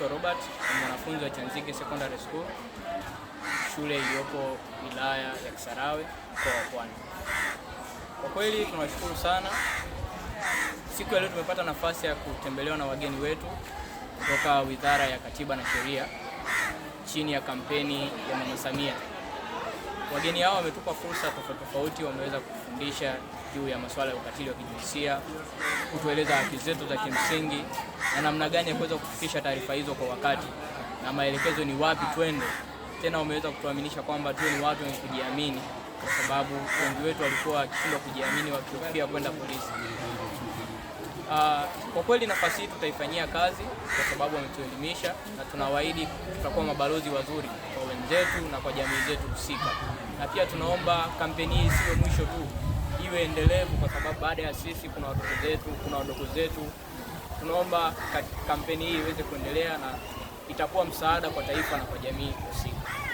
naitwa Robert mwanafunzi wa Chanzige Secondary School, shule iliyopo wilaya ya Kisarawe, mkoa wa Pwani. Kwa kweli tunawashukuru sana, siku ya leo tumepata nafasi ya kutembelewa na wageni wetu kutoka Wizara ya Katiba na Sheria chini ya kampeni ya Mama Samia. Wageni hao wametupa fursa tofauti tofauti, wameweza kufundisha juu ya masuala ya ukatili wa kijinsia, kutueleza haki zetu za kimsingi na namna gani ya kuweza kufikisha taarifa hizo kwa wakati na maelekezo ni wapi twende. Tena umeweza kutuaminisha kwamba tu ni watu wenye kujiamini, kwa sababu wengi wetu walikuwa wakishindwa kujiamini wakihofia kwenda polisi. Uh, kwa kweli nafasi hii tutaifanyia kazi kwa sababu wametuelimisha na tunawaahidi tutakuwa mabalozi wazuri kwa wenzetu na kwa jamii zetu husika, na pia tunaomba kampeni hii isiwe mwisho tu, iwe endelevu, kwa sababu baada ya sisi kuna watoto zetu, kuna wadogo zetu tunaomba kampeni hii iweze kuendelea na itakuwa msaada kwa taifa na kwa jamii husika.